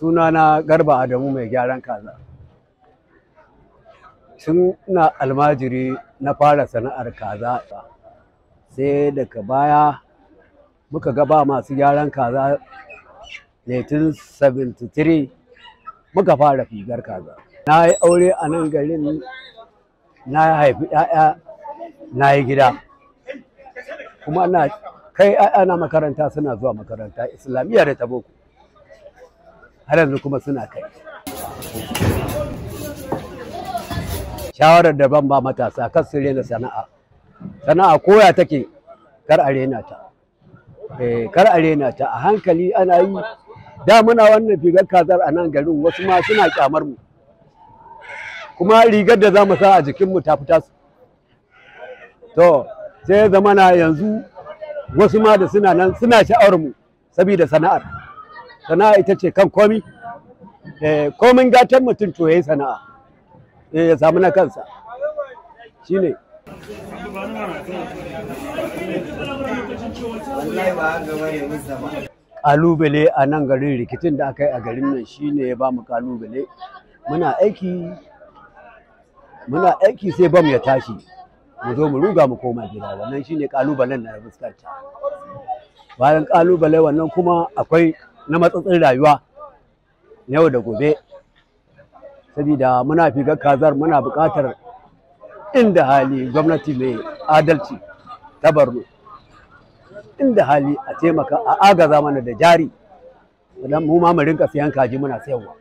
Suna na garba adamu mai gyaran kaza tun na almajiri na fara sana'ar kaza sai daga baya muka gaba masu gyaran kaza 1973 muka fara figar kaza na yi aure a nan garin na haifi 'ya'ya na yi gida kuma na kai 'ya'ya na makaranta suna zuwa makaranta islamiyya da ta boko har kuma suna kai shawarar da ban ba matasa kan su rena sana'a sana'a koya take kar a rena ta eh, kar a rena ta a hankali ana yi da muna wannan figar kazar a nan garin wasu ma suna kyamar mu kuma rigar da za mu sa a jikinmu ta fita su to sai zamana yanzu wasu ma da suna nan suna sha'awar mu saboda sana'ar sana'a ita ce kan komi eh, komin gatan mutum to yayi sana'a eh, ya samu na kansa shine kalubale a nan garin rikicin da aka yi a garin nan shine ya ba mu kalubale muna aiki muna aiki sai bam ya tashi mu zo mu ruga mu koma gida wannan shine kalubalen na na fuskanta bayan kalubale wannan kuma akwai na matsatsin rayuwa yau da gobe saboda muna figar kazar muna buƙatar inda hali gwamnati mai adalci ta barno inda hali a taimaka a agaza mana da jari mu ma mu rinka siyan kaji muna sayarwa